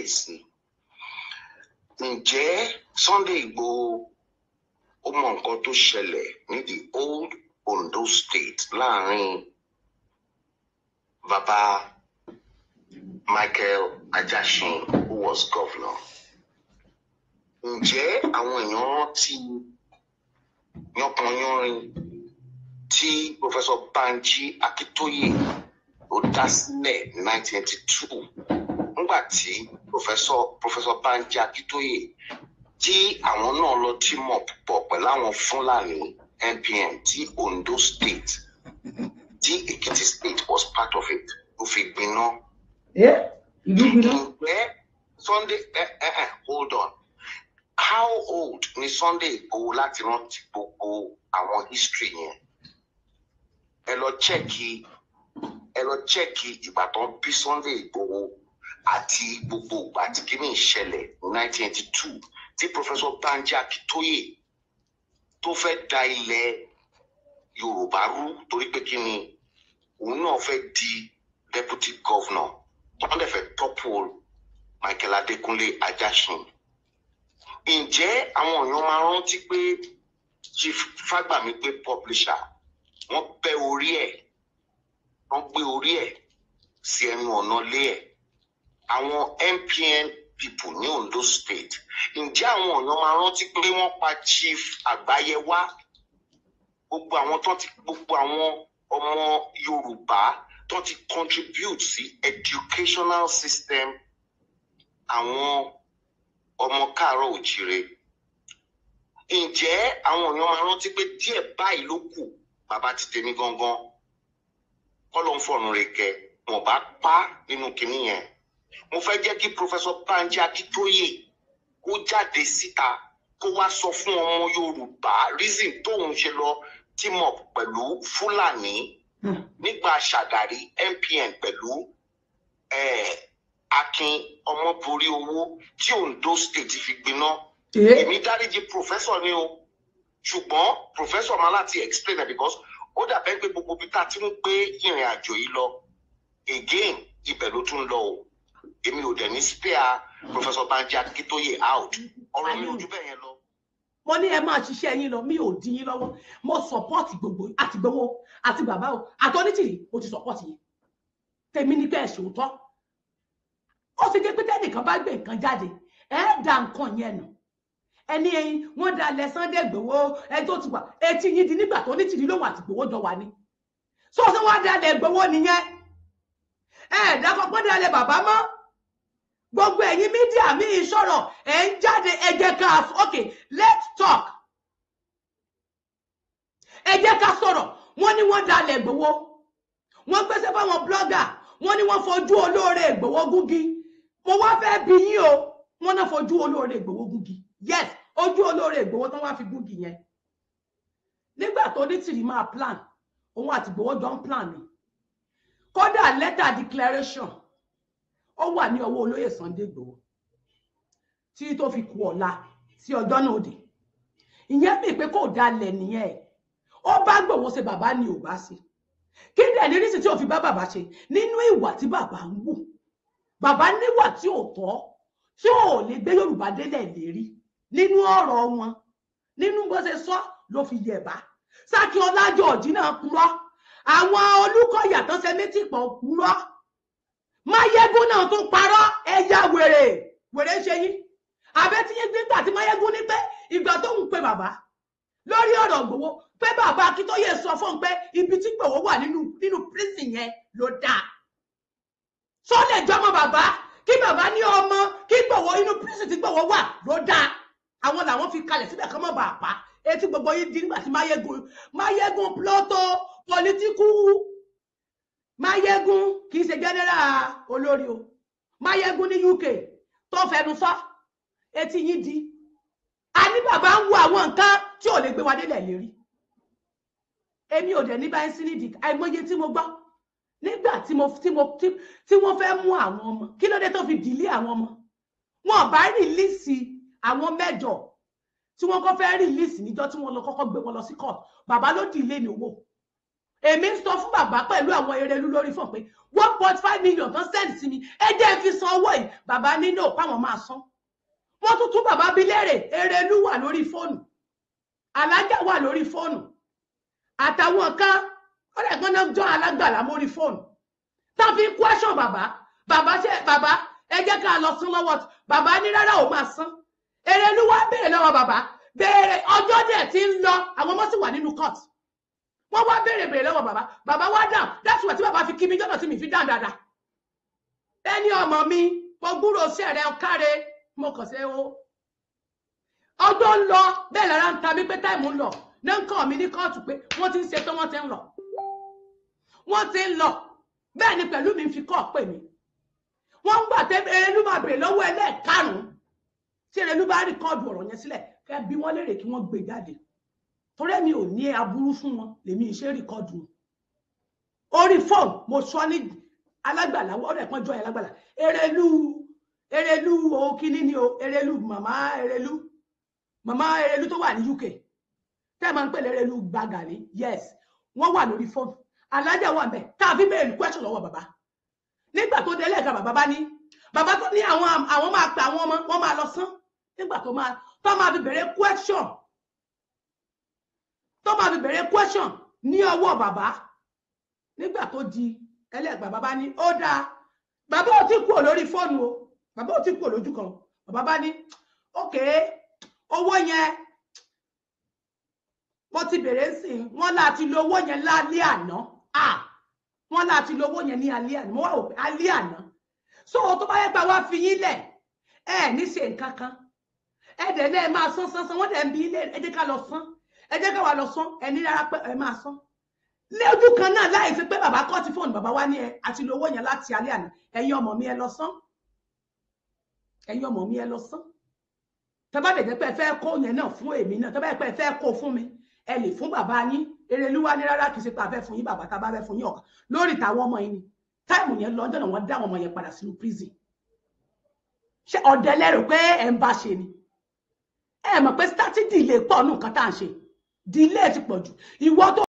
èsì ǹjẹ́ Sunday Igboho ó mọ nǹkan tó ṣẹlẹ̀ ní the old Ondo state láàrin baba Michael Ajashin who was governor ǹjẹ́ àwọn èèyàn rántí yánpọnyánrin tí Professor Banji Akitoye ló dá sílẹ̀ ní 1982 nígbà tí professor professor Banji Akitoye tí àwọn náà lọ team up pọ̀ pẹ̀lú àwọn Fúlàní NPN tí Ondo State tí Ekiti State was part of it ló fi gbiná. ǹjẹ́ Sunday eh, eh, eh, hold on how old ni Sunday Igboho láti rántí gbogbo àwọn history yẹn ẹ lọ chẹ́ẹ̀kì ẹ lọ chẹ́ẹ̀kì ìgbà tó bí Sunday Igboho àti gbogbo ìgbà tí kìíní ìṣẹ̀lẹ̀ nineteen eighty two tí professor Banji Akintoye tó fẹ́ da ilẹ̀ Yorùbá rú torí pé kí ni òun náà fẹ́ di deputy governor tọ́lá lè fẹ́ topple Michael Adekunle Ajasin ǹjẹ́ àwọn èèyàn máa rántí pé Chief Fagbami pé publisher wọ́n bẹ́ orí ẹ̀ wọ́n gbé orí ẹ̀ sí ẹnu ọ̀nà lé ẹ̀ àwọn MPN people ní Ondo state ǹjẹ́ àwọn èèyàn máa rántí pé wọ́n pa chief àgbáyéwá gbogbo àwọn tó ti gbogbo àwọn ọmọ Yorùbá tó ti contribute sí educational system àwọn ọmọ káàárọ̀ òjìrè ǹjẹ́ àwọn èèyàn máa rántí pé díẹ̀ báyìí ló kù bàbá ti tèmi gangan kọ́ ló ń fọ̀run rẹ̀ kẹ́ wọn bá pa nínú kinní yẹn mo fẹ́ jẹ́ kí Professor Banji Akíntóyè kó jáde síta kó wá sọ fún ọmọ Yorùbá reason tóun ṣe lọ team up pẹ̀lú Fúlàní hmm. nígbà Ṣàgàrí MPN pẹ̀lú eh, Akin Ọmọbórí Owó tí Ondo State fi gbiná eh? èmi dáríji Professor ni o ṣùgbọ́n Professor máa láti explain it because ó dàbẹ́ pé gbogbo bí tá ti ń gbé ìrìn àjò yìí lọ again ibẹ̀ ló tún lọ o èmi ò dẹ̀ ní spare professor Banji Akíntóyè out ọ̀rọ̀ mi ò jù bẹ́ẹ̀ yẹn lọ. mo ní ẹ máa ṣiṣẹ́ yín lọ mi ò dín yín lọ́wọ́ mo support gbogbo àti gbowó àti bàbá o àti onítìrì mo ti support yín tèmi ní pé ẹ ṣòótọ́ ó ti jẹ́ pé tẹ́nìkan bá gbé nǹkan jáde ẹ dá nǹkan yẹn nù ẹni ẹyin wọ́n da alẹ́ Sunday Igboho ẹ tó ti wà etí yín di nígbà tó onítìrì ló wà àti gbowó jọ wà ní sọ́sọ́ wọ́n da alẹ́ Igboho nìyẹn ẹ̀ẹ́dá kan gbọ́dọ̀ alẹ́ bàbá mọ́ gbogbo ẹ̀yin mídíà míì sọ̀rọ̀ ẹ̀ ń jáde ẹ jẹ́ ká okay let's talk ẹ jẹ́ ká sọ̀rọ̀ wọ́n ní wọ́n dalẹ̀ gbowó wọ́n gbéṣẹ́ fáwọn blọ́gà wọ́n ní wọ́n fojú olóore gbowó gúgi mo wá fẹ́ bi yín o wọ́n náà fojú olóore gbowó gúgi yes ojú olóore gbowó tán wá fi gúgi yẹn nígbà tó ní tìrì máa plan òun àti gbowó jọ ń plan ni kódà letter declaration ó wà ní ọwọ́ olóyè Sunday Igboho tí tó fi kú ọ̀la tí ọjọ́ náà dé ìyẹn bí pé kò dalẹ̀ nìyẹn ó bá Igboho ṣe bàbá ni ò bá ṣe kí ni ẹ̀rí rísì tí ò fi bá bàbá ṣe nínú ìwà tí bàbá ń wù bàbá níwà tí ò tọ́ tí ò lè gbé Yorùbá délẹ̀ lérí nínú ọ̀rọ̀ wọn nínú bó ṣe sọ ló fi yẹ̀bá Sákì Ọlájọ̀ọ́jì náà purọ́ àwọn Olúkọ̀yà létí pọ̀ purọ́ máyégún náà tún parọ́ ẹ̀yà wèrè wèrè ṣe yín àbẹ́tíyín nígbà tí máyégún ní pé ìgbà tó ń pe bàbá lórí ọ̀rọ̀ gbowó pé bàbá akíntóye sọ fún un pé ibi tí gbowó wà nínú nínú prison yẹn ló dáa tó lè jọmọ bàbá kí bàbá ní ọmọ kí gbowó inú prison tí gbowó wà ló dáa àwọn làwọn fi kalẹ̀ síbẹ̀ kọ́ mọ́ bàbá etí gbogbo yìí di nígbà tí máyégún máyégún plọ́tò pọlitíkù Máyégún kì í ṣe jẹ́nẹ́rà olórí o Máyégún ní UK tó fẹnu sọ etí yín di a ní bàbá ń wo àwọn nǹkan tí ò lè gbé wa délẹ̀ lérí èmi ò dẹ̀ ní báyìí sí nídìí àìmọye tí mo gbọ́ nígbà tí mo tí mo tí wọ́n fẹ́ mú àwọn ọmọ kí ló dé tó fi dìlé àwọn ọmọ wọn bá rìlíìsì àwọn mẹ́jọ tí wọ́n kọ́ fẹ́ rìlíìsì níjọ́ tí wọ́n lọ kọ́kọ́ gbé wọn lọ sí court bàbá ló dìlé ní owó èmi ń sọ fún bàbá pẹ̀lú àwọn erelú lórí fún pé one point five million kan send sí mi ẹ jẹ́ fi san owó yìí bàbá nínú òpáwọn máa san wọ́n tún tún bàbá bí léèrè erelú wà lórí fóònù alájà wà lórí fóònù àtàwọn kan ọ̀rẹ́ kan náà jọ alágbàlá mórí fóònù tá a fi question bàbá bàbá ṣe bàbá ẹ jẹ́ ká lọ sún lọ́wọ́ bàbá ní rárá ò máa san erelú wá béèrè lọ́wọ́ bàbá béèrè ọjọ́ dẹ̀ ti ń lọ àwọn ọmọ sì wà nínú court wọ́n wá béèrè béèrè lọ́wọ́ bàbá bàbá wá dáhùn that's why tí bàbá fi kí mi jọ́nà tí mi fi dáhùn dáadáa ẹni ọmọ mi mo gbúrò sí ẹ̀rẹ́ káre mo kàn sí ẹ̀wọ́ ọdún ń lọ bẹ́ẹ̀ lára ń ta mi pé táìmù ń lọ ní nǹkan mi ní kóòtù pé wọ́n ti ń ṣe tán wọ́n ti ń lọ wọ́n ti ń lọ bẹ́ẹ̀ ni pẹ̀lú mi fi kọ́ pè mí wọ́n ń gbà tẹ́ erelu máa bèrè lọ́wọ́ ẹlẹ́ẹ̀karùn-ún tí erelu bá rí kọ́ọ̀dù ọ̀rọ̀ yẹn sílẹ̀ kẹ́ bí wọ́n lérè kí wọ́n gbé e jáde torí èmi ò ní aburú fún wọn lèmi ṣe rìkọ́dù orí fọ́ọ̀mù mo sọ ní alágbàlá ọ̀rẹ́ kan jọ alágbàlá erelu erelu okini ni o erelu mama erelu mama erelu tó wà ní UK tẹ́ ẹ̀ máa ń pè lérelu gbàgàrí yes wọ́n wà lórí fọ́ọ̀mù alájà wà bẹ́ẹ̀ tá a fi béèrè question lọ́wọ́ bàbá nígbà tó délé ẹ̀ka bàbá bá ní bàbá tó ní àwọn àwọn máa pa àwọn ọmọ wọn máa lọ sán nígbà tó máa tó máa fi béèrè question tó bá fi bẹ̀rẹ̀ question ní ọwọ́ bàbá nígbà tó di ẹlẹ́gbà bàbá ní ó dáa bàbá ò tí kúrò lórí fóònù o bàbá ò tí kúrò lójú kan bàbá bá ní ok owó yẹn mo ti bẹ̀rẹ̀ sí i wọ́n láti lo owó yẹn lálẹ́ àná wọ́n láti lo owó yẹn ní alẹ́ àná mo wá òpin alẹ́ àná so tó bá yẹ pé wá fi yín lẹ̀ ẹ ní ṣe nǹkan kan ẹ dẹ̀ lẹ́ẹ̀ máa san san san wọ́n dẹ̀ ń bí ilé ẹ jẹ́ ká lọ san ẹ jẹ́ káwa lọ sán ẹni rárá pé ẹ máa sán lójú kan náà láì ṣe pé bàbá kọ́ ti fóònù bàbá wa ní ẹ àti lówó yẹn láti alẹ́ àná ẹ̀yin ọmọ mi ẹ lọ sán ẹ̀yin ọmọ mi ẹ lọ sán tọ́ba lè jẹ́ pé ẹ fẹ́ kó yẹn náà fún èmi náà tọ́ba yẹ pé ẹ fẹ́ kó fún mi ẹ lè fún bàbá yín erelúwa ní rárá kì í ṣe pé a fẹ́ fún yín bàbá tá a bá fẹ́ fún yín ọ̀kan lórí tàwọn ọmọ yín ni táìmù yẹn lọ́jọ́ náà wọ́n dá àwọn ọmọ yẹn padà sínú prison ṣé ọ̀dẹ lẹ́rù pé ẹ̀ ń bá ṣe ni ẹ mọ̀ pé sátidì lè pọ̀ nù nǹkan tá à ń ṣe delay ti pọ̀ jù ìwọ tó